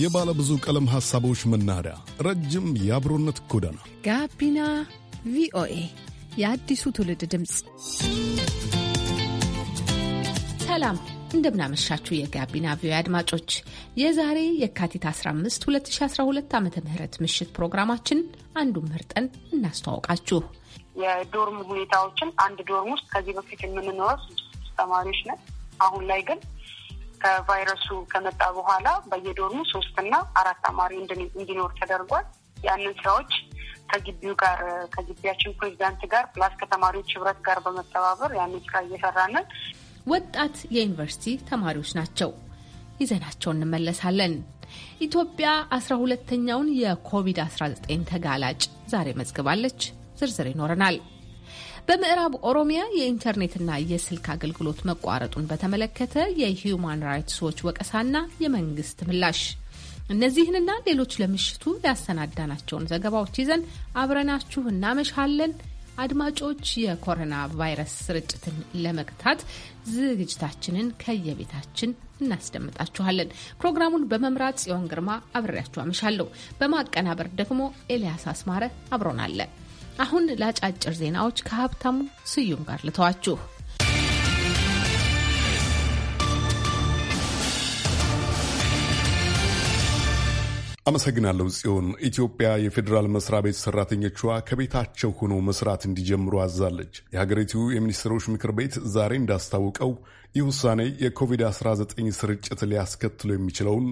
የባለ ብዙ ቀለም ሐሳቦች መናኸሪያ፣ ረጅም የአብሮነት ጎዳና ጋቢና ቪኦኤ የአዲሱ ትውልድ ድምፅ። ሰላም እንደምናመሻችሁ የጋቢና ቪኦኤ አድማጮች፣ የዛሬ የካቲት 15 2012 ዓ ም ምሽት ፕሮግራማችን አንዱን መርጠን እናስተዋውቃችሁ። የዶርም ሁኔታዎችን አንድ ዶርም ውስጥ ከዚህ በፊት የምንኖረው ስድስት ተማሪዎች ነን። አሁን ላይ ግን ከቫይረሱ ከመጣ በኋላ በየዶርሙ ሶስትና አራት ተማሪ እንዲኖር ተደርጓል። ያንን ስራዎች ከግቢው ጋር ከግቢያችን ፕሬዚዳንት ጋር ፕላስ ከተማሪዎች ህብረት ጋር በመተባበር ያንን ስራ እየሰራንን ወጣት የዩኒቨርሲቲ ተማሪዎች ናቸው። ይዘናቸው እንመለሳለን። ኢትዮጵያ አስራ ሁለተኛውን የኮቪድ-19 ተጋላጭ ዛሬ መዝግባለች። ዝርዝር ይኖረናል። በምዕራብ ኦሮሚያ የኢንተርኔትና የስልክ አገልግሎት መቋረጡን በተመለከተ የሂዩማን ራይትስ ዎች ወቀሳና የመንግስት ምላሽ እነዚህንና ሌሎች ለምሽቱ ያሰናዳናቸውን ዘገባዎች ይዘን አብረናችሁ እናመሻለን። አድማጮች የኮሮና ቫይረስ ስርጭትን ለመግታት ዝግጅታችንን ከየቤታችን እናስደምጣችኋለን። ፕሮግራሙን በመምራት ጽዮን ግርማ አብሬያችሁ አመሻለሁ። በማቀናበር ደግሞ ኤልያስ አስማረ አብሮናለን። አሁን ለአጫጭር ዜናዎች ከሀብታሙ ስዩም ጋር ልተዋችሁ። አመሰግናለሁ ጽዮን። ኢትዮጵያ የፌዴራል መስሪያ ቤት ሰራተኞቿ ከቤታቸው ሆኖ መስራት እንዲጀምሩ አዛለች። የሀገሪቱ የሚኒስትሮች ምክር ቤት ዛሬ እንዳስታውቀው ይህ ውሳኔ የኮቪድ-19 ስርጭት ሊያስከትሉ የሚችለውን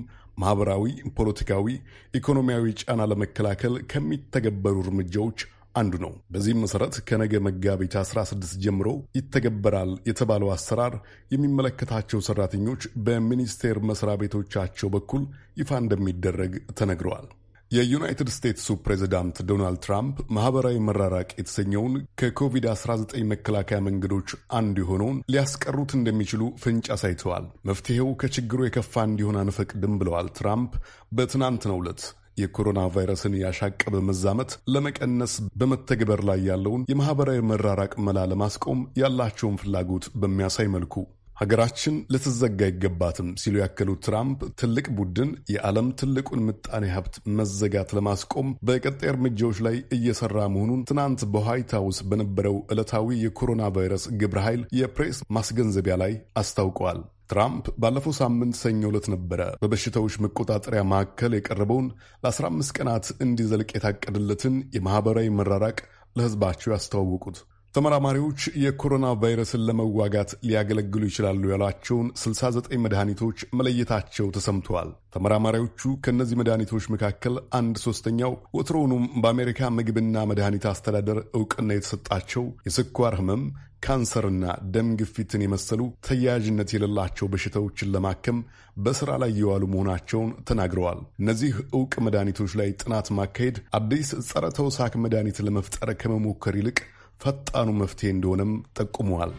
ማኅበራዊ፣ ፖለቲካዊ፣ ኢኮኖሚያዊ ጫና ለመከላከል ከሚተገበሩ እርምጃዎች አንዱ ነው። በዚህም መሰረት ከነገ መጋቢት 16 ጀምሮ ይተገበራል የተባለው አሰራር የሚመለከታቸው ሰራተኞች በሚኒስቴር መስሪያ ቤቶቻቸው በኩል ይፋ እንደሚደረግ ተነግረዋል። የዩናይትድ ስቴትሱ ፕሬዚዳንት ዶናልድ ትራምፕ ማህበራዊ መራራቅ የተሰኘውን ከኮቪድ-19 መከላከያ መንገዶች አንዱ የሆነውን ሊያስቀሩት እንደሚችሉ ፍንጭ አሳይተዋል። መፍትሄው ከችግሩ የከፋ እንዲሆን አንፈቅድም ብለዋል ትራምፕ በትናንትናው ዕለት የኮሮና ቫይረስን ያሻቀበ መዛመት ለመቀነስ በመተግበር ላይ ያለውን የማህበራዊ መራራቅ መላ ለማስቆም ያላቸውን ፍላጎት በሚያሳይ መልኩ ሀገራችን ልትዘጋ አይገባትም ሲሉ ያከሉት ትራምፕ ትልቅ ቡድን የዓለም ትልቁን ምጣኔ ሀብት መዘጋት ለማስቆም በቀጣይ እርምጃዎች ላይ እየሰራ መሆኑን ትናንት በዋይት ሀውስ በነበረው ዕለታዊ የኮሮና ቫይረስ ግብረ ኃይል የፕሬስ ማስገንዘቢያ ላይ አስታውቀዋል። ትራምፕ ባለፈው ሳምንት ሰኞ ዕለት ነበረ በበሽታዎች መቆጣጠሪያ ማዕከል የቀረበውን ለ15 ቀናት እንዲዘልቅ የታቀደለትን የማኅበራዊ መራራቅ ለሕዝባቸው ያስተዋወቁት። ተመራማሪዎች የኮሮና ቫይረስን ለመዋጋት ሊያገለግሉ ይችላሉ ያሏቸውን 69 መድኃኒቶች መለየታቸው ተሰምተዋል። ተመራማሪዎቹ ከእነዚህ መድኃኒቶች መካከል አንድ ሶስተኛው ወትሮውኑም በአሜሪካ ምግብና መድኃኒት አስተዳደር እውቅና የተሰጣቸው የስኳር ህመም ካንሰርና ደም ግፊትን የመሰሉ ተያያዥነት የሌላቸው በሽታዎችን ለማከም በስራ ላይ የዋሉ መሆናቸውን ተናግረዋል። እነዚህ እውቅ መድኃኒቶች ላይ ጥናት ማካሄድ አዲስ ጸረ ተውሳክ መድኃኒት ለመፍጠር ከመሞከር ይልቅ ፈጣኑ መፍትሄ እንደሆነም ጠቁመዋል።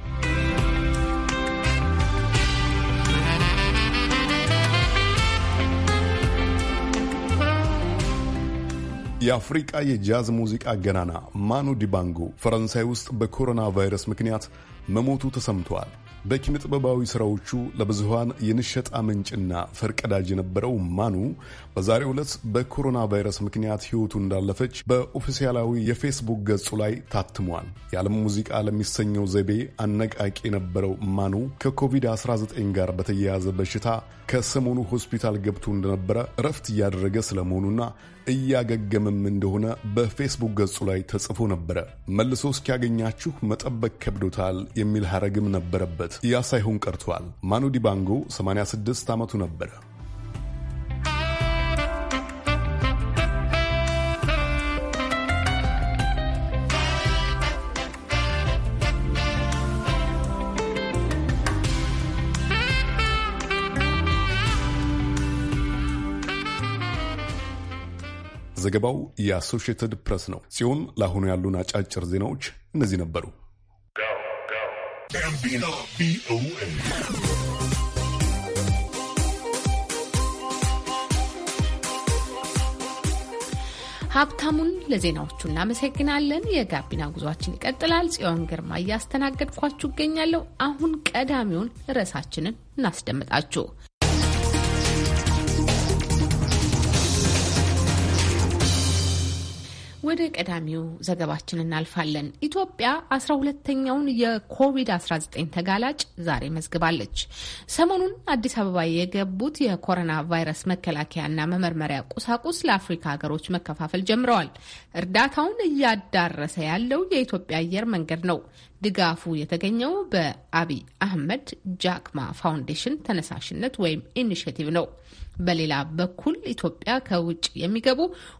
የአፍሪቃ የጃዝ ሙዚቃ ገናና ማኑ ዲባንጎ ፈረንሳይ ውስጥ በኮሮና ቫይረስ ምክንያት መሞቱ ተሰምቷል። በኪነ ጥበባዊ ሥራዎቹ ለብዙሃን የንሸጣ ምንጭና ፈርቀዳጅ የነበረው ማኑ በዛሬው ዕለት በኮሮና ቫይረስ ምክንያት ሕይወቱ እንዳለፈች በኦፊሲያላዊ የፌስቡክ ገጹ ላይ ታትሟል። የዓለም ሙዚቃ ለሚሰኘው ዘይቤ አነቃቂ የነበረው ማኑ ከኮቪድ-19 ጋር በተያያዘ በሽታ ከሰሞኑ ሆስፒታል ገብቶ እንደነበረ እረፍት እያደረገ ስለመሆኑና እያገገመም እንደሆነ በፌስቡክ ገጹ ላይ ተጽፎ ነበረ። መልሶ እስኪያገኛችሁ መጠበቅ ከብዶታል የሚል ሐረግም ነበረበት። ያ ሳይሆን ቀርቷል። ማኑ ዲባንጎ 86 ዓመቱ ነበረ። ዘገባው የአሶሺየትድ ፕሬስ ነው። ሲሆን ለአሁኑ ያሉን አጫጭር ዜናዎች እነዚህ ነበሩ። ሀብታሙን ለዜናዎቹ እናመሰግናለን። የጋቢና ጉዟችን ይቀጥላል። ጽዮን ግርማ እያስተናገድኳችሁ እገኛለሁ። አሁን ቀዳሚውን ርዕሳችንን እናስደምጣችሁ። ወደ ቀዳሚው ዘገባችን እናልፋለን። ኢትዮጵያ አስራ ሁለተኛውን የኮቪድ-19 ተጋላጭ ዛሬ መዝግባለች። ሰሞኑን አዲስ አበባ የገቡት የኮሮና ቫይረስ መከላከያና መመርመሪያ ቁሳቁስ ለአፍሪካ ሀገሮች መከፋፈል ጀምረዋል። እርዳታውን እያዳረሰ ያለው የኢትዮጵያ አየር መንገድ ነው። ድጋፉ የተገኘው በአቢይ አህመድ ጃክማ ፋውንዴሽን ተነሳሽነት ወይም ኢኒሽቲቭ ነው። በሌላ በኩል ኢትዮጵያ ከውጭ የሚገቡ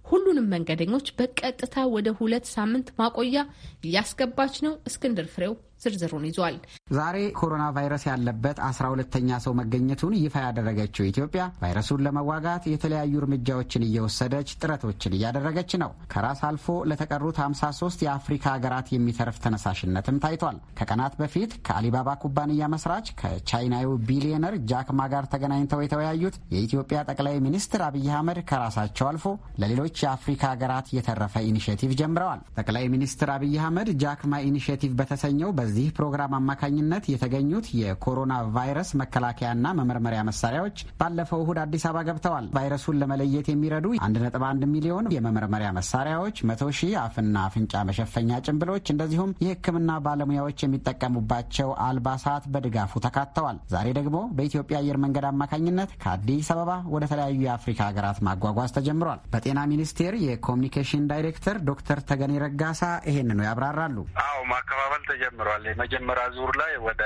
ሁሉንም መንገደኞች በቀጥታ ወደ ሁለት ሳምንት ማቆያ እያስገባች ነው። እስክንድር ፍሬው ዝርዝሩን ይዟል። ዛሬ ኮሮና ቫይረስ ያለበት አስራ ሁለተኛ ሰው መገኘቱን ይፋ ያደረገችው ኢትዮጵያ ቫይረሱን ለመዋጋት የተለያዩ እርምጃዎችን እየወሰደች ጥረቶችን እያደረገች ነው። ከራስ አልፎ ለተቀሩት 53 የአፍሪካ ሀገራት የሚተርፍ ተነሳሽነትም ታይቷል። ከቀናት በፊት ከአሊባባ ኩባንያ መስራች ከቻይናዊው ቢሊዮነር ጃክማ ጋር ተገናኝተው የተወያዩት የኢትዮጵያ ጠቅላይ ሚኒስትር አብይ አህመድ ከራሳቸው አልፎ ለሌሎች የአፍሪካ ሀገራት የተረፈ ኢኒሽቲቭ ጀምረዋል። ጠቅላይ ሚኒስትር አብይ አህመድ ጃክማ ኢኒሽቲቭ በተሰኘው በ በዚህ ፕሮግራም አማካኝነት የተገኙት የኮሮና ቫይረስ መከላከያና መመርመሪያ መሳሪያዎች ባለፈው እሁድ አዲስ አበባ ገብተዋል። ቫይረሱን ለመለየት የሚረዱ 1.1 ሚሊዮን የመመርመሪያ መሳሪያዎች፣ 100 ሺህ አፍና አፍንጫ መሸፈኛ ጭንብሎች፣ እንደዚሁም የሕክምና ባለሙያዎች የሚጠቀሙባቸው አልባሳት በድጋፉ ተካተዋል። ዛሬ ደግሞ በኢትዮጵያ አየር መንገድ አማካኝነት ከአዲስ አበባ ወደ ተለያዩ የአፍሪካ ሀገራት ማጓጓዝ ተጀምሯል። በጤና ሚኒስቴር የኮሚኒኬሽን ዳይሬክተር ዶክተር ተገኔ ረጋሳ ይሄን ነው ያብራራሉ። አዎ ማከፋፈል ተጀምሯል። ተለይተዋል። የመጀመሪያ ዙር ላይ ወደ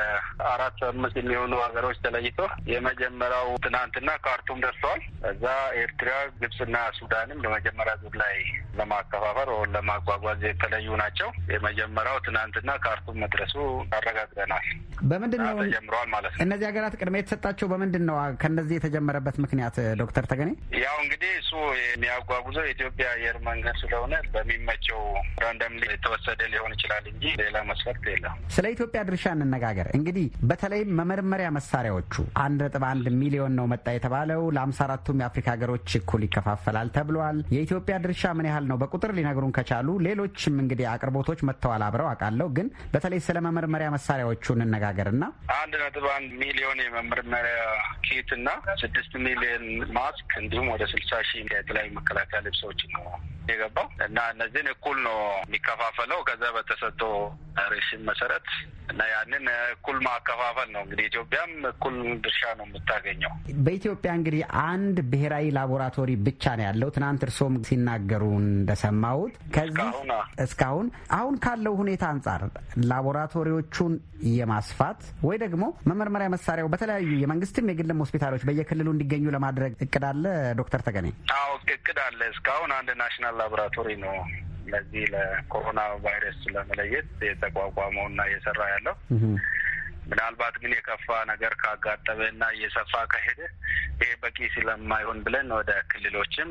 አራት አምስት የሚሆኑ ሀገሮች ተለይቶ የመጀመሪያው ትናንትና ካርቱም ደርሰዋል። እዛ ኤርትራ፣ ግብጽና ሱዳንም ለመጀመሪያ ዙር ላይ ለማከፋፈር ወ ለማጓጓዝ የተለዩ ናቸው። የመጀመሪያው ትናንትና ካርቱም መድረሱ አረጋግጠናል። በምንድን ነው ተጀምረዋል ማለት ነው። እነዚህ ሀገራት ቅድሜ የተሰጣቸው በምንድን ነው? ከነዚህ የተጀመረበት ምክንያት ዶክተር ተገኔ ያው እንግዲህ እሱ የሚያጓጉዘው የኢትዮጵያ አየር መንገድ ስለሆነ በሚመቸው ራንደም የተወሰደ ሊሆን ይችላል እንጂ ሌላ መስፈርት የለም። ስለ ኢትዮጵያ ድርሻ እንነጋገር። እንግዲህ በተለይም መመርመሪያ መሳሪያዎቹ አንድ ነጥብ አንድ ሚሊዮን ነው መጣ የተባለው ለአምሳ አራቱም የአፍሪካ ሀገሮች እኩል ይከፋፈላል ተብሏል። የኢትዮጵያ ድርሻ ምን ያህል ነው በቁጥር ሊነግሩን ከቻሉ። ሌሎችም እንግዲህ አቅርቦቶች መጥተዋል አብረው አውቃለሁ። ግን በተለይ ስለ መመርመሪያ መሳሪያዎቹ እንነጋገርና አንድ ነጥብ አንድ ሚሊዮን የመመርመሪያ ኪት እና ስድስት ሚሊዮን ማስክ እንዲሁም ወደ ስልሳ ሺህ የተለያዩ መከላከያ ልብሶች ነው የገባው እና እነዚህን እኩል ነው የሚከፋፈለው ከዛ በተሰጠ ሬሽን መሰረት እና ያንን እኩል ማከፋፈል ነው እንግዲህ ኢትዮጵያም እኩል ድርሻ ነው የምታገኘው። በኢትዮጵያ እንግዲህ አንድ ብሔራዊ ላቦራቶሪ ብቻ ነው ያለው። ትናንት እርስዎም ሲናገሩ እንደሰማሁት ከዚህ እስካሁን አሁን ካለው ሁኔታ አንጻር ላቦራቶሪዎቹን የማስፋት ወይ ደግሞ መመርመሪያ መሳሪያው በተለያዩ የመንግስትም የግልም ሆስፒታሎች በየክልሉ እንዲገኙ ለማድረግ እቅድ አለ ዶክተር ተገኔ? አዎ እቅድ አለ። እስካሁን አንድ ናሽናል ላቦራቶሪ ነው ለዚህ ለኮሮና ቫይረስ ለመለየት የተቋቋመው እና እየሰራ ያለው። ምናልባት ግን የከፋ ነገር ካጋጠመ እና እየሰፋ ከሄደ ይሄ በቂ ስለማይሆን ብለን ወደ ክልሎችም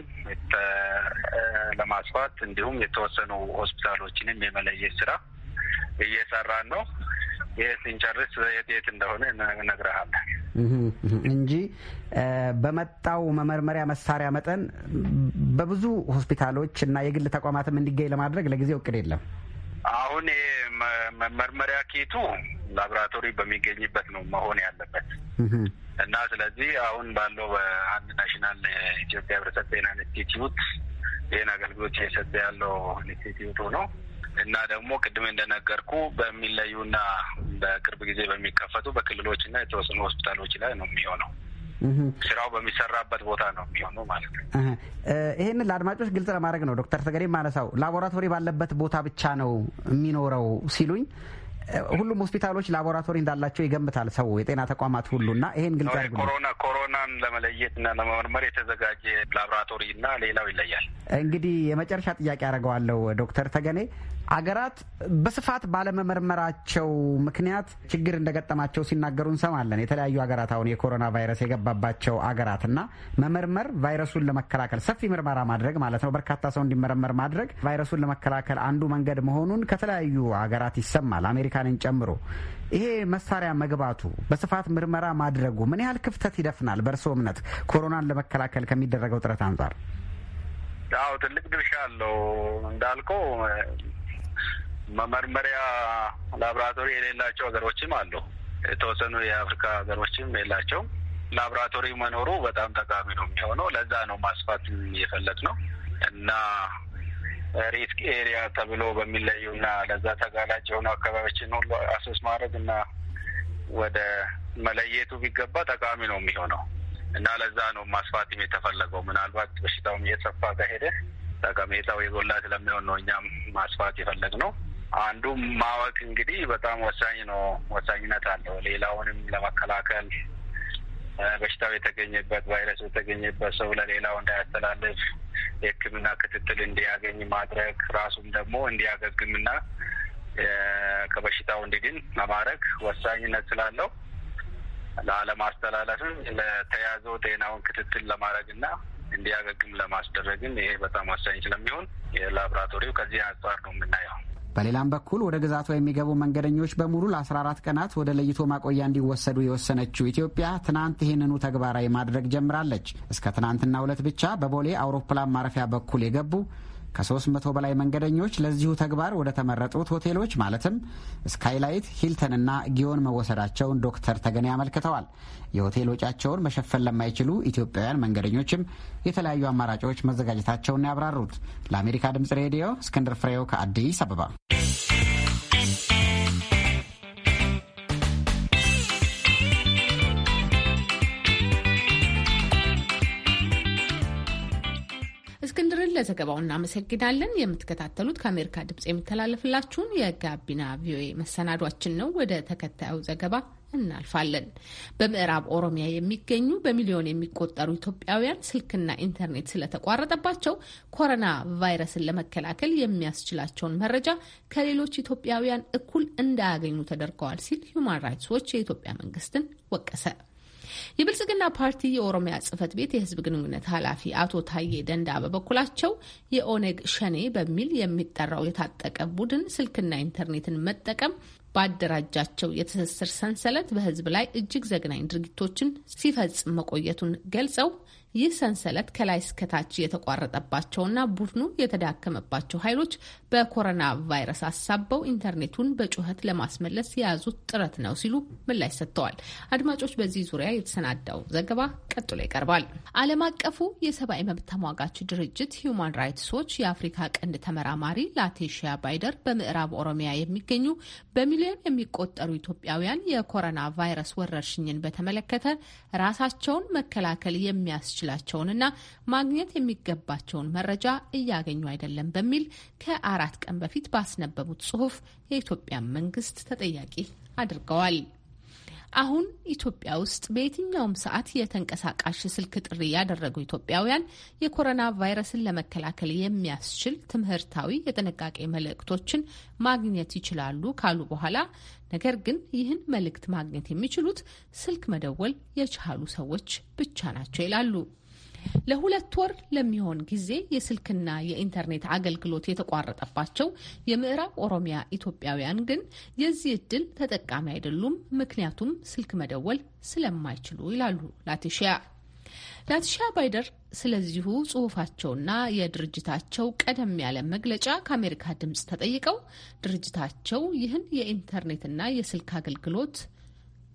ለማስፋት እንዲሁም የተወሰኑ ሆስፒታሎችንም የመለየት ስራ እየሰራን ነው። ይህ ስንጨርስ የት የት እንደሆነ እነግርሃለን። እንጂ በመጣው መመርመሪያ መሳሪያ መጠን በብዙ ሆስፒታሎች እና የግል ተቋማትም እንዲገኝ ለማድረግ ለጊዜው እቅድ የለም። አሁን መመርመሪያ ኪቱ ላቦራቶሪ በሚገኝበት ነው መሆን ያለበት እና ስለዚህ አሁን ባለው በአንድ ናሽናል ኢትዮጵያ ህብረተሰብ ጤና ኢንስቲትዩት ይህን አገልግሎት እየሰጠ ያለው ኢንስቲትዩት ነው። እና ደግሞ ቅድሜ እንደነገርኩ በሚለዩና በቅርብ ጊዜ በሚከፈቱ በክልሎችና የተወሰኑ ሆስፒታሎች ላይ ነው የሚሆነው። ስራው በሚሰራበት ቦታ ነው የሚሆነው ማለት ነው። ይህንን ለአድማጮች ግልጽ ለማድረግ ነው ዶክተር ተገዴ ማነሳው ላቦራቶሪ ባለበት ቦታ ብቻ ነው የሚኖረው ሲሉኝ ሁሉም ሆስፒታሎች ላቦራቶሪ እንዳላቸው ይገምታል ሰው የጤና ተቋማት ሁሉና ይሄን ግልጽ ያድርጉ። ኮሮና ኮሮናን ለመለየትና ለመመርመር የተዘጋጀ ላቦራቶሪና ሌላው ይለያል። እንግዲህ የመጨረሻ ጥያቄ አደርገዋለሁ ዶክተር ተገኔ አገራት በስፋት ባለመመርመራቸው ምክንያት ችግር እንደገጠማቸው ሲናገሩ እንሰማለን። የተለያዩ ሀገራት አሁን የኮሮና ቫይረስ የገባባቸው አገራት እና መመርመር ቫይረሱን ለመከላከል ሰፊ ምርመራ ማድረግ ማለት ነው፣ በርካታ ሰው እንዲመረመር ማድረግ ቫይረሱን ለመከላከል አንዱ መንገድ መሆኑን ከተለያዩ ሀገራት ይሰማል፣ አሜሪካንን ጨምሮ። ይሄ መሳሪያ መግባቱ በስፋት ምርመራ ማድረጉ ምን ያህል ክፍተት ይደፍናል? በእርስዎ እምነት ኮሮናን ለመከላከል ከሚደረገው ጥረት አንጻር? አዎ ትልቅ ድርሻ አለው እንዳልከው መመርመሪያ ላብራቶሪ የሌላቸው ሀገሮችም አሉ። የተወሰኑ የአፍሪካ ሀገሮችም የላቸውም። ላብራቶሪ መኖሩ በጣም ጠቃሚ ነው የሚሆነው። ለዛ ነው ማስፋት እየፈለግ ነው እና ሪስክ ኤሪያ ተብሎ በሚለዩ እና ለዛ ተጋላጭ የሆኑ አካባቢዎችን ሁሉ አሰስ ማድረግ እና ወደ መለየቱ ቢገባ ጠቃሚ ነው የሚሆነው እና ለዛ ነው ማስፋትም የተፈለገው። ምናልባት በሽታውም እየተሰፋ ከሄደ ጠቀሜታው የጎላ ስለሚሆን ነው እኛም ማስፋት የፈለግ ነው። አንዱ ማወቅ እንግዲህ በጣም ወሳኝ ነው፣ ወሳኝነት አለው። ሌላውንም ለመከላከል በሽታው የተገኘበት ቫይረስ የተገኘበት ሰው ለሌላው እንዳያስተላልፍ የሕክምና ክትትል እንዲያገኝ ማድረግ ራሱም ደግሞ እንዲያገግምና ከበሽታው እንዲድን ለማድረግ ወሳኝነት ስላለው ላለማስተላለፍም ለተያዘው ጤናውን ክትትል ለማድረግና እንዲያገግም ለማስደረግም ይሄ በጣም ወሳኝ ስለሚሆን የላብራቶሪው ከዚህ አንጻር ነው የምናየው። በሌላም በኩል ወደ ግዛቷ የሚገቡ መንገደኞች በሙሉ ለ14 ቀናት ወደ ለይቶ ማቆያ እንዲወሰዱ የወሰነችው ኢትዮጵያ ትናንት ይህንኑ ተግባራዊ ማድረግ ጀምራለች። እስከ ትናንትና ሁለት ብቻ በቦሌ አውሮፕላን ማረፊያ በኩል የገቡ ከ300 በላይ መንገደኞች ለዚሁ ተግባር ወደ ተመረጡት ሆቴሎች ማለትም ስካይላይት፣ ሂልተንና ጊዮን መወሰዳቸውን ዶክተር ተገኔ ያመልክተዋል። የሆቴል ወጪያቸውን መሸፈን ለማይችሉ ኢትዮጵያውያን መንገደኞችም የተለያዩ አማራጮች መዘጋጀታቸውን ያብራሩት። ለአሜሪካ ድምጽ ሬዲዮ እስክንድር ፍሬው ከአዲስ አበባ አስማማውን ለዘገባው እናመሰግናለን። የምትከታተሉት ከአሜሪካ ድምጽ የሚተላለፍላችሁን የጋቢና ቪኦኤ መሰናዷችን ነው። ወደ ተከታዩ ዘገባ እናልፋለን። በምዕራብ ኦሮሚያ የሚገኙ በሚሊዮን የሚቆጠሩ ኢትዮጵያውያን ስልክና ኢንተርኔት ስለተቋረጠባቸው ኮሮና ቫይረስን ለመከላከል የሚያስችላቸውን መረጃ ከሌሎች ኢትዮጵያውያን እኩል እንዳያገኙ ተደርገዋል ሲል ሁማን ራይትስ ዎች የኢትዮጵያ መንግስትን ወቀሰ። የብልጽግና ፓርቲ የኦሮሚያ ጽህፈት ቤት የህዝብ ግንኙነት ኃላፊ አቶ ታዬ ደንዳ በበኩላቸው የኦነግ ሸኔ በሚል የሚጠራው የታጠቀ ቡድን ስልክና ኢንተርኔትን መጠቀም ባደራጃቸው የትስስር ሰንሰለት በህዝብ ላይ እጅግ ዘግናኝ ድርጊቶችን ሲፈጽም መቆየቱን ገልጸው ይህ ሰንሰለት ከላይ እስከታች የተቋረጠባቸውና ቡድኑ የተዳከመባቸው ኃይሎች በኮሮና ቫይረስ አሳበው ኢንተርኔቱን በጩኸት ለማስመለስ የያዙት ጥረት ነው ሲሉ ምላሽ ሰጥተዋል። አድማጮች፣ በዚህ ዙሪያ የተሰናዳው ዘገባ ቀጥሎ ይቀርባል። ዓለም አቀፉ የሰብአዊ መብት ተሟጋች ድርጅት ሂዩማን ራይትስ ዎች የአፍሪካ ቀንድ ተመራማሪ ላቴሺያ ባይደር በምዕራብ ኦሮሚያ የሚገኙ በሚሊዮን የሚቆጠሩ ኢትዮጵያውያን የኮሮና ቫይረስ ወረርሽኝን በተመለከተ ራሳቸውን መከላከል የሚያስችል የሚያስችላቸውንና ማግኘት የሚገባቸውን መረጃ እያገኙ አይደለም በሚል ከአራት ቀን በፊት ባስነበቡት ጽሁፍ የኢትዮጵያን መንግስት ተጠያቂ አድርገዋል። አሁን ኢትዮጵያ ውስጥ በየትኛውም ሰዓት የተንቀሳቃሽ ስልክ ጥሪ ያደረጉ ኢትዮጵያውያን የኮሮና ቫይረስን ለመከላከል የሚያስችል ትምህርታዊ የጥንቃቄ መልእክቶችን ማግኘት ይችላሉ ካሉ በኋላ ነገር ግን ይህን መልእክት ማግኘት የሚችሉት ስልክ መደወል የቻሉ ሰዎች ብቻ ናቸው ይላሉ። ለሁለት ወር ለሚሆን ጊዜ የስልክና የኢንተርኔት አገልግሎት የተቋረጠባቸው የምዕራብ ኦሮሚያ ኢትዮጵያውያን ግን የዚህ እድል ተጠቃሚ አይደሉም፣ ምክንያቱም ስልክ መደወል ስለማይችሉ ይላሉ ላቲሺያ። ላቲሻ ባይደር ስለዚሁ ጽሁፋቸውና የድርጅታቸው ቀደም ያለ መግለጫ ከአሜሪካ ድምጽ ተጠይቀው ድርጅታቸው ይህን የኢንተርኔትና የስልክ አገልግሎት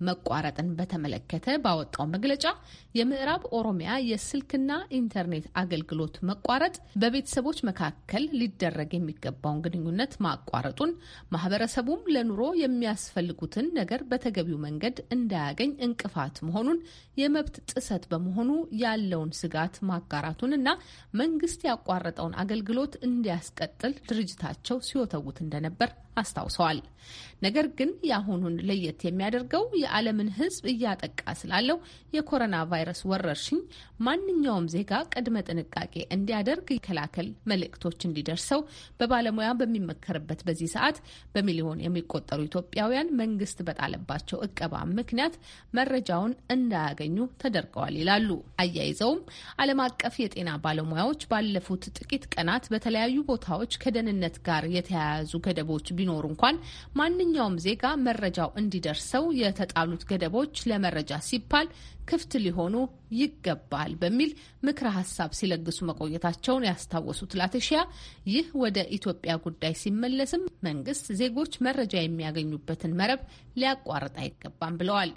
መቋረጥን በተመለከተ ባወጣው መግለጫ የምዕራብ ኦሮሚያ የስልክና ኢንተርኔት አገልግሎት መቋረጥ በቤተሰቦች መካከል ሊደረግ የሚገባውን ግንኙነት ማቋረጡን፣ ማህበረሰቡም ለኑሮ የሚያስፈልጉትን ነገር በተገቢው መንገድ እንዳያገኝ እንቅፋት መሆኑን፣ የመብት ጥሰት በመሆኑ ያለውን ስጋት ማጋራቱን እና መንግስት ያቋረጠውን አገልግሎት እንዲያስቀጥል ድርጅታቸው ሲወተውት እንደነበር አስታውሰዋል። ነገር ግን የአሁኑን ለየት የሚያደርገው የዓለምን ሕዝብ እያጠቃ ስላለው የኮሮና ቫይረስ ወረርሽኝ ማንኛውም ዜጋ ቅድመ ጥንቃቄ እንዲያደርግ ይከላከል መልእክቶች እንዲደርሰው በባለሙያ በሚመከርበት በዚህ ሰዓት በሚሊዮን የሚቆጠሩ ኢትዮጵያውያን መንግስት በጣለባቸው እቀባ ምክንያት መረጃውን እንዳያገኙ ተደርገዋል ይላሉ። አያይዘውም ዓለም አቀፍ የጤና ባለሙያዎች ባለፉት ጥቂት ቀናት በተለያዩ ቦታዎች ከደህንነት ጋር የተያያዙ ገደቦች ቢኖሩ እንኳን ማንኛውም ዜጋ መረጃው እንዲደርሰው የተጣ የተጣሉት ገደቦች ለመረጃ ሲባል ክፍት ሊሆኑ ይገባል በሚል ምክረ ሀሳብ ሲለግሱ መቆየታቸውን ያስታወሱት ላቲሺያ ይህ ወደ ኢትዮጵያ ጉዳይ ሲመለስም መንግስት ዜጎች መረጃ የሚያገኙበትን መረብ ሊያቋርጥ አይገባም ብለዋል።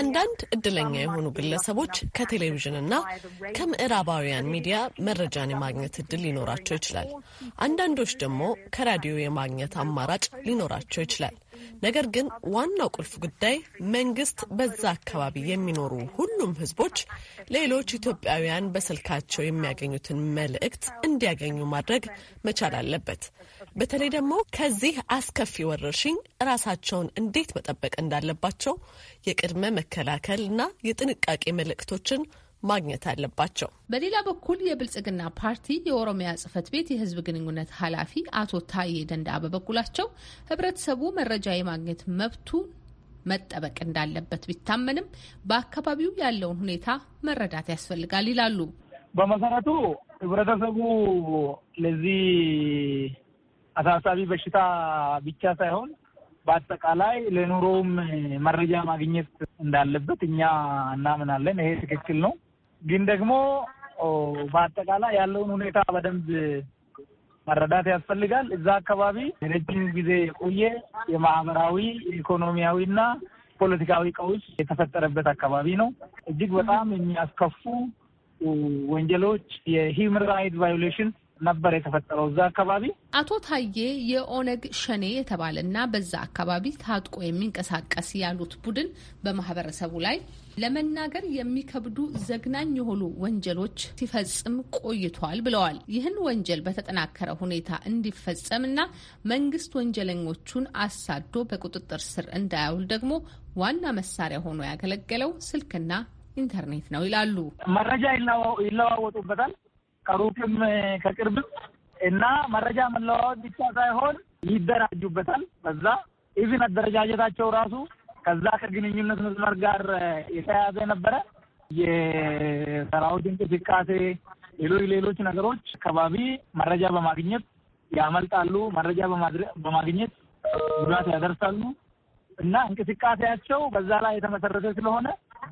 አንዳንድ እድለኛ የሆኑ ግለሰቦች ከቴሌቪዥንና ከምዕራባውያን ሚዲያ መረጃን የማግኘት እድል ሊኖራቸው ይችላል። አንዳንዶች ደግሞ ከራዲዮ የማግኘት አማራጭ ሊኖራቸው ይችላል። ነገር ግን ዋናው ቁልፍ ጉዳይ መንግስት በዛ አካባቢ የሚኖሩ ሁሉም ህዝቦች ሌሎች ኢትዮጵያውያን በስልካቸው የሚያገኙትን መልእክት እንዲያገኙ ማድረግ መቻል አለበት። በተለይ ደግሞ ከዚህ አስከፊ ወረርሽኝ ራሳቸውን እንዴት መጠበቅ እንዳለባቸው የቅድመ መከላከል እና የጥንቃቄ መልእክቶችን ማግኘት አለባቸው። በሌላ በኩል የብልጽግና ፓርቲ የኦሮሚያ ጽህፈት ቤት የህዝብ ግንኙነት ኃላፊ አቶ ታዬ ደንዳ በበኩላቸው ህብረተሰቡ መረጃ የማግኘት መብቱ መጠበቅ እንዳለበት ቢታመንም በአካባቢው ያለውን ሁኔታ መረዳት ያስፈልጋል ይላሉ። በመሰረቱ ህብረተሰቡ ለዚህ አሳሳቢ በሽታ ብቻ ሳይሆን በአጠቃላይ ለኑሮውም መረጃ ማግኘት እንዳለበት እኛ እናምናለን። ይሄ ትክክል ነው። ግን ደግሞ በአጠቃላይ ያለውን ሁኔታ በደንብ መረዳት ያስፈልጋል። እዛ አካባቢ ረጅም ጊዜ የቆየ የማህበራዊ እና ፖለቲካዊ ቀውስ የተፈጠረበት አካባቢ ነው። እጅግ በጣም የሚያስከፉ ወንጀሎች የሂውመን ራይት ቫዮሌሽን ነበር የተፈጠረው እዛ አካባቢ። አቶ ታዬ የኦነግ ሸኔ የተባለና በዛ አካባቢ ታጥቆ የሚንቀሳቀስ ያሉት ቡድን በማህበረሰቡ ላይ ለመናገር የሚከብዱ ዘግናኝ የሆኑ ወንጀሎች ሲፈጽም ቆይቷል ብለዋል። ይህን ወንጀል በተጠናከረ ሁኔታ እንዲፈጸምና መንግስት ወንጀለኞቹን አሳዶ በቁጥጥር ስር እንዳያውል ደግሞ ዋና መሳሪያ ሆኖ ያገለገለው ስልክና ኢንተርኔት ነው ይላሉ። መረጃ ይለዋወጡበታል። ከሩቅም ከቅርብም እና መረጃ መለዋወጥ ብቻ ሳይሆን ይደራጁበታል። በዛ ኢቭን አደረጃጀታቸው ራሱ ከዛ ከግንኙነት መስመር ጋር የተያያዘ ነበረ። የሰራዊት እንቅስቃሴ፣ ሌሎች ሌሎች ነገሮች አካባቢ መረጃ በማግኘት ያመልጣሉ፣ መረጃ በማግኘት ጉዳት ያደርሳሉ እና እንቅስቃሴያቸው በዛ ላይ የተመሰረተ ስለሆነ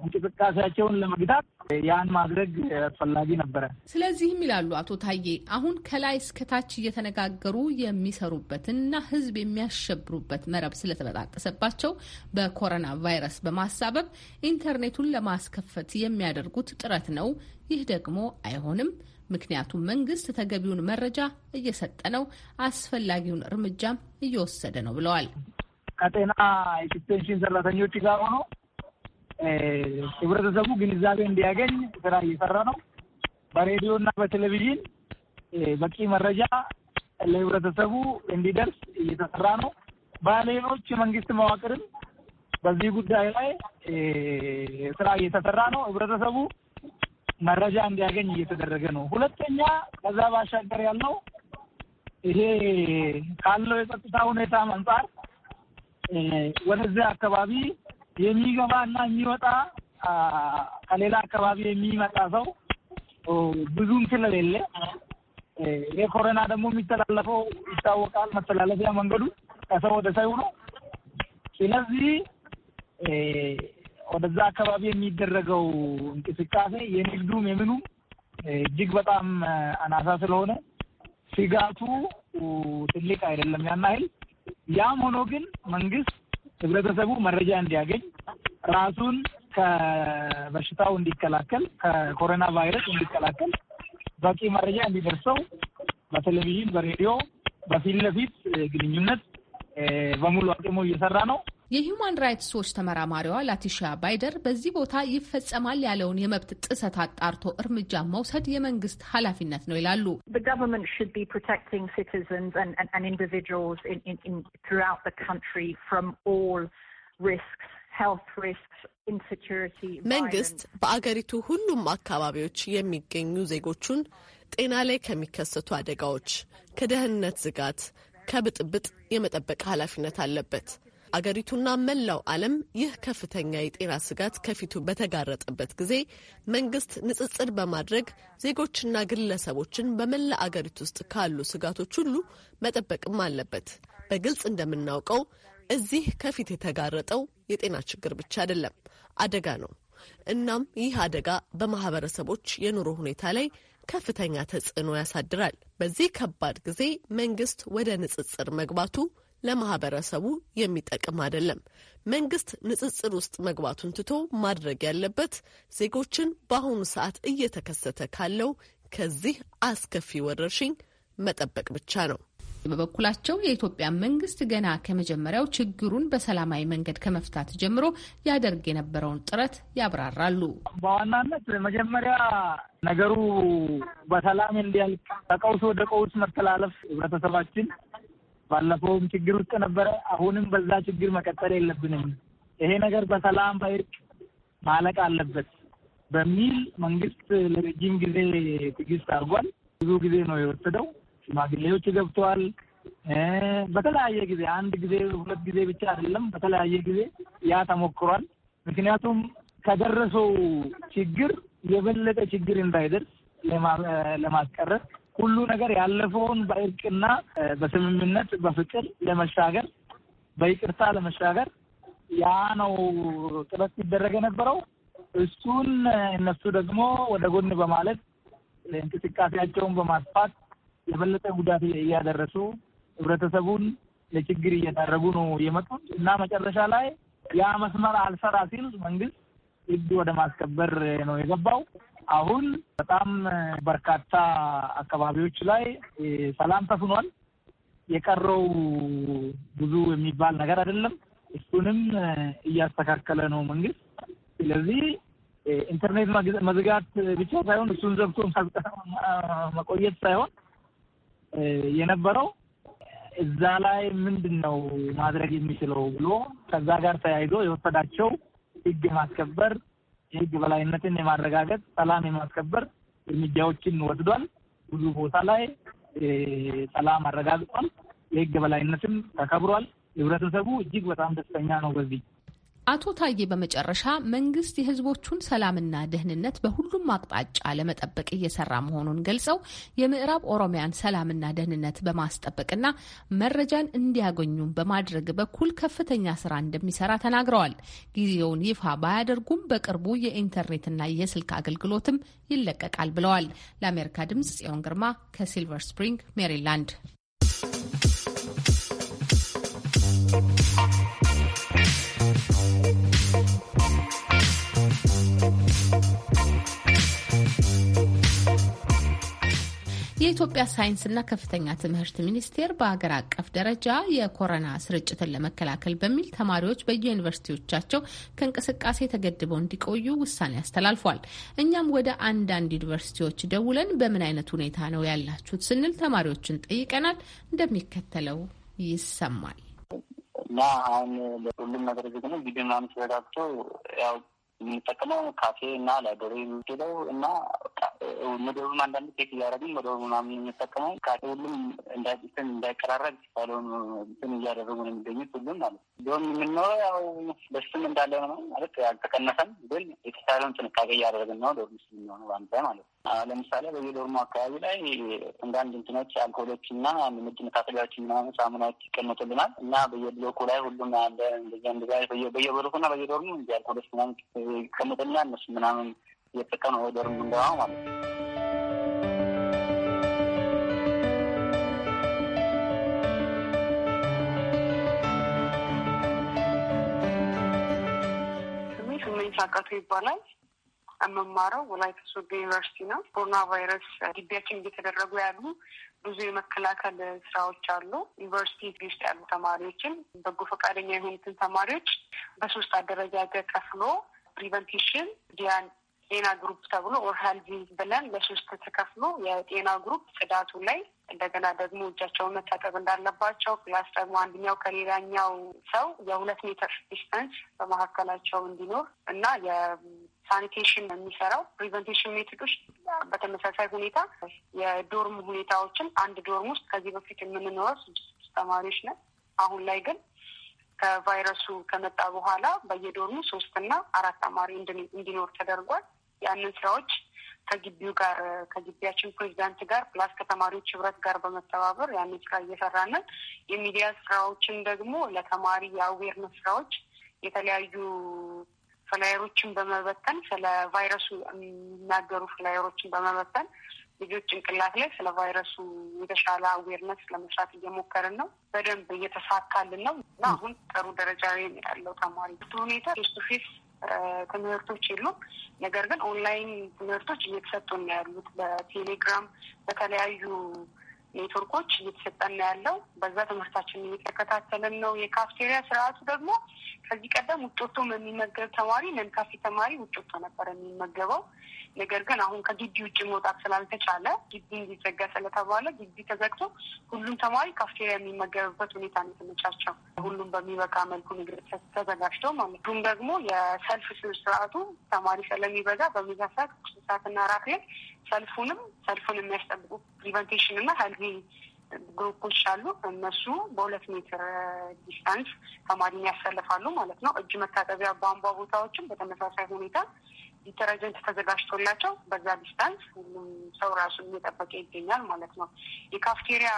እንቅስቃሴያቸውን ለመግታት ያን ማድረግ አስፈላጊ ነበረ። ስለዚህም ይላሉ አቶ ታዬ አሁን ከላይ እስከታች እየተነጋገሩ የሚሰሩበትና ህዝብ የሚያሸብሩበት መረብ ስለተበጣጠሰባቸው በኮሮና ቫይረስ በማሳበብ ኢንተርኔቱን ለማስከፈት የሚያደርጉት ጥረት ነው። ይህ ደግሞ አይሆንም። ምክንያቱም መንግስት ተገቢውን መረጃ እየሰጠ ነው፣ አስፈላጊውን እርምጃም እየወሰደ ነው ብለዋል። ከጤና ኤክስቴንሽን ሰራተኞች ጋር ሆኖ ህብረተሰቡ ግንዛቤ እንዲያገኝ ስራ እየሰራ ነው። በሬዲዮ እና በቴሌቪዥን በቂ መረጃ ለህብረተሰቡ እንዲደርስ እየተሰራ ነው። በሌሎች የመንግስት መዋቅርም በዚህ ጉዳይ ላይ ስራ እየተሰራ ነው። ህብረተሰቡ መረጃ እንዲያገኝ እየተደረገ ነው። ሁለተኛ ከዛ ባሻገር ያለው ይሄ ካለው የጸጥታ ሁኔታ አንጻር ወደዚያ አካባቢ የሚገባና የሚወጣ ከሌላ አካባቢ የሚመጣ ሰው ብዙም ስለሌለ ይሄ ኮረና ደግሞ የሚተላለፈው ይታወቃል። መተላለፊያ መንገዱ ከሰው ወደ ሰው ነው። ስለዚህ ወደዛ አካባቢ የሚደረገው እንቅስቃሴ የንግዱም የምኑም እጅግ በጣም አናሳ ስለሆነ ስጋቱ ትልቅ አይደለም ያን ያህል። ያም ሆኖ ግን መንግስት ህብረተሰቡ መረጃ እንዲያገኝ ራሱን ከበሽታው እንዲከላከል ከኮሮና ቫይረስ እንዲከላከል በቂ መረጃ እንዲደርሰው በቴሌቪዥን፣ በሬዲዮ፣ በፊት ለፊት ግንኙነት በሙሉ አቅሙ እየሰራ ነው። የሂውማን ራይትስ ዎች ተመራማሪዋ ላቲሻ ባይደር በዚህ ቦታ ይፈጸማል ያለውን የመብት ጥሰት አጣርቶ እርምጃ መውሰድ የመንግስት ኃላፊነት ነው ይላሉ። መንግስት በአገሪቱ ሁሉም አካባቢዎች የሚገኙ ዜጎቹን ጤና ላይ ከሚከሰቱ አደጋዎች፣ ከደህንነት ስጋት፣ ከብጥብጥ የመጠበቅ ኃላፊነት አለበት። አገሪቱና መላው ዓለም ይህ ከፍተኛ የጤና ስጋት ከፊቱ በተጋረጠበት ጊዜ መንግስት ንጽጽር በማድረግ ዜጎችና ግለሰቦችን በመላ አገሪቱ ውስጥ ካሉ ስጋቶች ሁሉ መጠበቅም አለበት። በግልጽ እንደምናውቀው እዚህ ከፊት የተጋረጠው የጤና ችግር ብቻ አይደለም፣ አደጋ ነው። እናም ይህ አደጋ በማህበረሰቦች የኑሮ ሁኔታ ላይ ከፍተኛ ተጽዕኖ ያሳድራል። በዚህ ከባድ ጊዜ መንግስት ወደ ንጽጽር መግባቱ ለማህበረሰቡ የሚጠቅም አይደለም። መንግስት ንጽጽር ውስጥ መግባቱን ትቶ ማድረግ ያለበት ዜጎችን በአሁኑ ሰዓት እየተከሰተ ካለው ከዚህ አስከፊ ወረርሽኝ መጠበቅ ብቻ ነው። በበኩላቸው የኢትዮጵያ መንግስት ገና ከመጀመሪያው ችግሩን በሰላማዊ መንገድ ከመፍታት ጀምሮ ያደርግ የነበረውን ጥረት ያብራራሉ። በዋናነት መጀመሪያ ነገሩ በሰላም እንዲያልቅ ከቀውስ ወደ ቀውስ መተላለፍ ህብረተሰባችን ባለፈውም ችግር ውስጥ ነበረ። አሁንም በዛ ችግር መቀጠል የለብንም። ይሄ ነገር በሰላም በእርቅ ማለቅ አለበት በሚል መንግስት ለረጅም ጊዜ ትዕግስት አድርጓል። ብዙ ጊዜ ነው የወሰደው። ሽማግሌዎች ገብተዋል። በተለያየ ጊዜ አንድ ጊዜ ሁለት ጊዜ ብቻ አይደለም፣ በተለያየ ጊዜ ያ ተሞክሯል። ምክንያቱም ከደረሰው ችግር የበለጠ ችግር እንዳይደርስ ለማስቀረት ሁሉ ነገር ያለፈውን በእርቅና በስምምነት በፍቅር ለመሻገር በይቅርታ ለመሻገር ያ ነው ጥረት ሲደረግ የነበረው። እሱን እነሱ ደግሞ ወደ ጎን በማለት እንቅስቃሴያቸውን በማስፋት የበለጠ ጉዳት እያደረሱ ህብረተሰቡን ለችግር እየዳረጉ ነው የመጡት እና መጨረሻ ላይ ያ መስመር አልሰራ ሲል መንግስት ህግ ወደ ማስከበር ነው የገባው። አሁን በጣም በርካታ አካባቢዎች ላይ ሰላም ተፍኗል። የቀረው ብዙ የሚባል ነገር አይደለም። እሱንም እያስተካከለ ነው መንግስት። ስለዚህ ኢንተርኔት መዝጋት ብቻ ሳይሆን እሱን ዘግቶ መቆየት ሳይሆን የነበረው እዛ ላይ ምንድን ነው ማድረግ የሚችለው ብሎ ከዛ ጋር ተያይዞ የወሰዳቸው ህግ ማስከበር የህግ በላይነትን የማረጋገጥ ሰላም የማስከበር እርምጃዎችን ወስዷል። ብዙ ቦታ ላይ ሰላም አረጋግጧል። የህግ በላይነትም ተከብሯል። ህብረተሰቡ እጅግ በጣም ደስተኛ ነው። በዚህ አቶ ታዬ በመጨረሻ መንግስት የሕዝቦቹን ሰላምና ደህንነት በሁሉም አቅጣጫ ለመጠበቅ እየሰራ መሆኑን ገልጸው የምዕራብ ኦሮሚያን ሰላምና ደህንነት በማስጠበቅና መረጃን እንዲያገኙ በማድረግ በኩል ከፍተኛ ስራ እንደሚሰራ ተናግረዋል። ጊዜውን ይፋ ባያደርጉም በቅርቡ የኢንተርኔትና የስልክ አገልግሎትም ይለቀቃል ብለዋል። ለአሜሪካ ድምጽ ጽዮን ግርማ ከሲልቨር ስፕሪንግ ሜሪላንድ። የኢትዮጵያ ሳይንስና ከፍተኛ ትምህርት ሚኒስቴር በሀገር አቀፍ ደረጃ የኮሮና ስርጭትን ለመከላከል በሚል ተማሪዎች በየዩኒቨርሲቲዎቻቸው ከእንቅስቃሴ ተገድበው እንዲቆዩ ውሳኔ አስተላልፏል። እኛም ወደ አንዳንድ ዩኒቨርሲቲዎች ደውለን በምን አይነት ሁኔታ ነው ያላችሁት ስንል ተማሪዎችን ጠይቀናል። እንደሚከተለው ይሰማል እና አሁን ሁሉም ነገር ግን ቪዲዮ ምናምን ሲበዳቸው ያው የምንጠቀመው ካፌ እና ላይብሬሪ የሚሄደው እና መደቡም አንዳንድ ቤት እያደረግን መደቡ ምናምን የምንጠቀመው ካፌ ሁሉም እንዳይስን እንዳይቀራረብ ባለሆኑ እንትን እያደረጉ ነው የሚገኙት። ሁሉም ማለት ቢሆን የምንኖረው ያው በሽትም እንዳለ ነው ማለት አልተቀነሰም፣ ግን የተሻለውን ጥንቃቄ እያደረግን ነው። ዶርምስ የምንሆነ በአንድ ላይ ማለት ነው ለምሳሌ በየዶርሞ አካባቢ ላይ አንዳንድ እንትኖች አልኮሎች እና ምንጭ መታጠቢያዎች ምናምን ሳሙናዎች ይቀመጡልናል እና በየብሎኩ ላይ ሁሉም አለ በየብሎኩ እና በየዶርሙ እንዲ አልኮሎች ምናምን ይቀመጡልናል። እነሱ ምናምን እየጠቀም ነው ዶርም እንደዋ ማለት ነው። ስሜ ስሜኝ ሳቃቱ ይባላል። የምማረው ወላይታ ሶዶ ዩኒቨርሲቲ ነው። ኮሮና ቫይረስ ግቢያችን እየተደረጉ ያሉ ብዙ የመከላከል ስራዎች አሉ። ዩኒቨርሲቲ ውስጥ ያሉ ተማሪዎችን በጎ ፈቃደኛ የሆኑትን ተማሪዎች በሶስት አደረጃጀት ከፍሎ ፕሪቨንቴሽን ዲያን ጤና ግሩፕ ተብሎ ኦርሃል ሄልዝ ብለን ለሶስት ተከፍሎ የጤና ግሩፕ ጽዳቱ ላይ እንደገና ደግሞ እጃቸውን መታጠብ እንዳለባቸው ፕላስ ደግሞ አንድኛው ከሌላኛው ሰው የሁለት ሜትር ዲስተንስ በመካከላቸው እንዲኖር እና ሳኒቴሽን የሚሰራው ፕሪቨንቴሽን ሜቶዶች በተመሳሳይ ሁኔታ የዶርም ሁኔታዎችን አንድ ዶርም ውስጥ ከዚህ በፊት የምንኖረው ስድስት ተማሪዎች ነን። አሁን ላይ ግን ከቫይረሱ ከመጣ በኋላ በየዶርሙ ሶስትና አራት ተማሪ እንዲኖር ተደርጓል። ያንን ስራዎች ከግቢው ጋር ከግቢያችን ፕሬዚዳንት ጋር ፕላስ ከተማሪዎች ህብረት ጋር በመተባበር ያንን ስራ እየሰራን ነን። የሚዲያ ስራዎችን ደግሞ ለተማሪ የአዌርነስ ስራዎች የተለያዩ ፍላየሮችን በመበተን ስለ ቫይረሱ የሚናገሩ ፍላየሮችን በመበተን ልጆች ጭንቅላት ላይ ስለ ቫይረሱ የተሻለ አዌርነስ ለመስራት እየሞከርን ነው። በደንብ እየተሳካልን ነው እና አሁን ጥሩ ደረጃ ላይ ያለው ተማሪ ሁኔታ ፌስ ቱ ፌስ ትምህርቶች የሉም። ነገር ግን ኦንላይን ትምህርቶች እየተሰጡ ነው ያሉት በቴሌግራም በተለያዩ ኔትወርኮች እየተሰጠን ነው ያለው። በዛ ትምህርታችን እየተከታተልን ነው። የካፍቴሪያ ስርዓቱ ደግሞ ከዚህ ቀደም ውጮቶ የሚመገብ ተማሪ ነን ተማሪ ውጮቶ ነበር የሚመገበው። ነገር ግን አሁን ከግቢ ውጭ መውጣት ስላልተቻለ ግቢ እንዲዘጋ ስለተባለ ግቢ ተዘግቶ ሁሉም ተማሪ ካፍቴሪያ የሚመገብበት ሁኔታ ነው የተመቻቸው። ሁሉም በሚበቃ መልኩ ምግብ ተዘጋጅቶ ማለት ሁሉም ደግሞ የሰልፍ ስርዓቱ ተማሪ ስለሚበዛ በሚዛሳት ሰዓትና ራት ላይ ሰልፉንም ሰልፉን የሚያስጠብቁ ፕሪቨንቴሽን እና ሄልቪንግ ግሩፖች አሉ። እነሱ በሁለት ሜትር ዲስታንስ ተማሪን ያሰልፋሉ ማለት ነው። እጅ መታጠቢያ ቧንቧ ቦታዎችም በተመሳሳይ ሁኔታ ዲተረጀንት ተዘጋጅቶላቸው በዛ ዲስታንስ ሁሉም ሰው ራሱ እየጠበቀ ይገኛል ማለት ነው። የካፍቴሪያ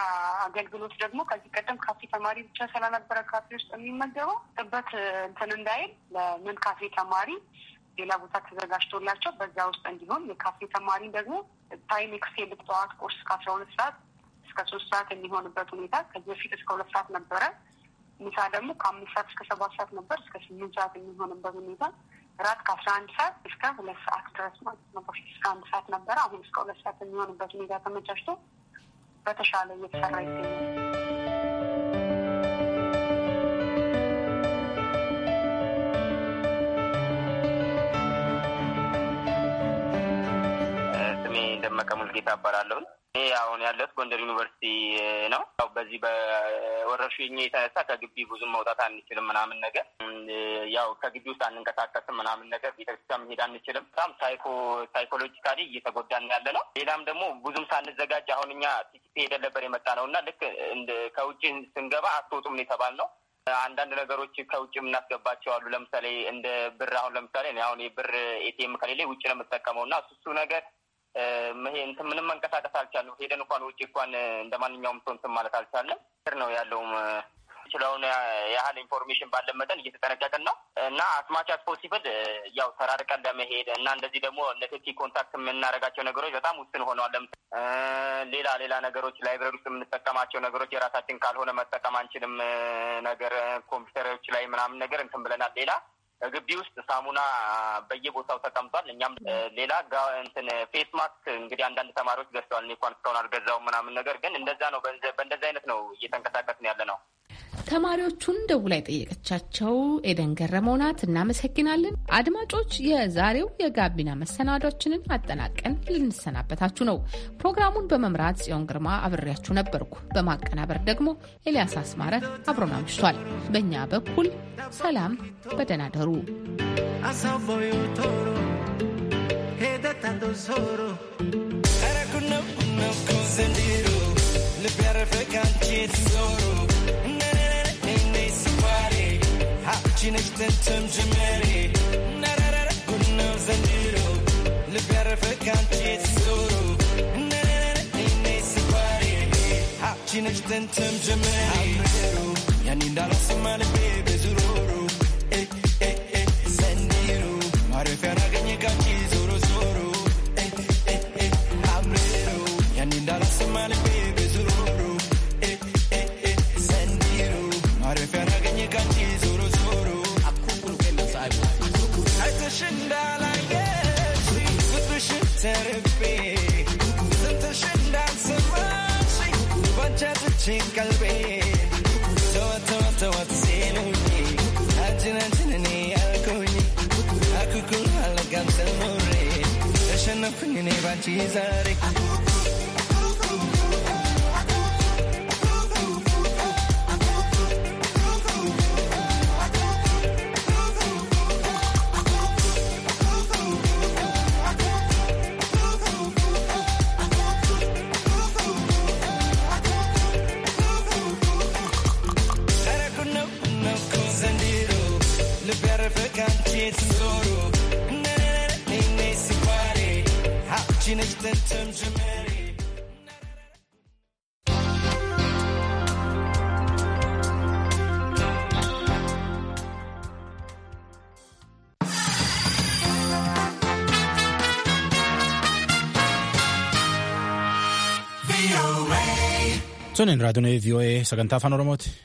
አገልግሎት ደግሞ ከዚህ ቀደም ካፌ ተማሪ ብቻ ስለነበረ ካፌ ውስጥ የሚመገበው ጥበት እንትን እንዳይል ለምን ካፌ ተማሪ ሌላ ቦታ ተዘጋጅቶላቸው በዛ ውስጥ እንዲሆን የካፌ ተማሪ ደግሞ ታይም ኤክስቴንድ ጠዋት ቁርስ ከአስራ ሁለት ሰዓት እስከ ሶስት ሰዓት የሚሆንበት ሁኔታ ከዚህ በፊት እስከ ሁለት ሰዓት ነበረ። ምሳ ደግሞ ከአምስት ሰዓት እስከ ሰባት ሰዓት ነበር እስከ ስምንት ሰዓት የሚሆንበት ሁኔታ ራት ከአስራ አንድ ሰዓት እስከ ሁለት ሰዓት ድረስ ማለት ነው። በፊት እስከ አንድ ሰዓት ነበረ። አሁን እስከ ሁለት ሰዓት የሚሆንበት ሁኔታ ተመቻችቶ በተሻለ እየተሰራ ይገኛል። ሙልጌታ እባላለሁኝ። ይህ አሁን ያለት ጎንደር ዩኒቨርሲቲ ነው። ያው በዚህ በወረርሽኝ የተነሳ ከግቢ ብዙም መውጣት አንችልም ምናምን ነገር ያው ከግቢ ውስጥ አንንቀሳቀስም ምናምን ነገር ቤተክርስቲያን መሄድ አንችልም። በጣም ሳይኮ ሳይኮሎጂካሊ እየተጎዳን ያለ ነው። ሌላም ደግሞ ብዙም ሳንዘጋጅ አሁን እኛ ቲኬት ሄደን ነበር የመጣ ነው እና ልክ ከውጭ ስንገባ አትወጡም ነው የተባልነው። አንዳንድ ነገሮች ከውጭ የምናስገባቸው አሉ። ለምሳሌ እንደ ብር አሁን ለምሳሌ አሁን የብር ኤቲኤም ከሌለ ውጭ ነው የምጠቀመው እና እሱ ነገር ይሄ እንትን ምንም መንቀሳቀስ አልቻለም። ሄደን እንኳን ውጭ እንኳን እንደ ማንኛውም ሰው እንትን ማለት አልቻለም። ስር ነው ያለውም ችለውን ያህል ኢንፎርሜሽን ባለን መጠን እየተጠነቀቅን ነው እና አስማቻት ፖሲብል ያው ተራርቀን ለመሄድ እና እንደዚህ ደግሞ ነቴቲ ኮንታክት የምናደርጋቸው ነገሮች በጣም ውስን ሆነዋል። ሌላ ሌላ ነገሮች ላይብረሪ ውስጥ የምንጠቀማቸው ነገሮች የራሳችን ካልሆነ መጠቀም አንችልም ነገር ኮምፒውተሮች ላይ ምናምን ነገር እንትን ብለናል። ሌላ ግቢ ውስጥ ሳሙና በየቦታው ተቀምጧል። እኛም ሌላ እንትን ፌስ ማስክ እንግዲህ አንዳንድ ተማሪዎች ገዝተዋል። እኔ እንኳን እስካሁን አልገዛውም ምናምን ነገር ግን እንደዛ ነው። በእንደዚህ አይነት ነው እየተንቀሳቀስን ያለ ነው። ተማሪዎቹን ደውላ የጠየቀቻቸው ኤደን ገረመው ናት። እናመሰግናለን። አድማጮች፣ የዛሬው የጋቢና መሰናዷችንን አጠናቀን ልንሰናበታችሁ ነው። ፕሮግራሙን በመምራት ጽዮን ግርማ አብሬያችሁ ነበርኩ። በማቀናበር ደግሞ ኤልያስ አስማረ አብሮን አምሽቷል። በእኛ በኩል ሰላም፣ በደህና ደሩ። Let አንቺነሽ ጥንትም ጅመሬ ነረረ ጉድነው ዘንድሮ ልብ ያረፈ ከአንቺ የተሰወሩ ነረረ እኔ ስባሬ አንቺነሽ ጥንትም ጅመሬ ያኔ እንዳላስማ ልቤ በዝሮሮ حبيبتي قلبي توا توا توا تسيلوني هجنجنني الكوني هاكو كل هالقام سلموني تشنفني بانتي زارك Tonin raadiyoon VOA sagantaa afaan Oromooti.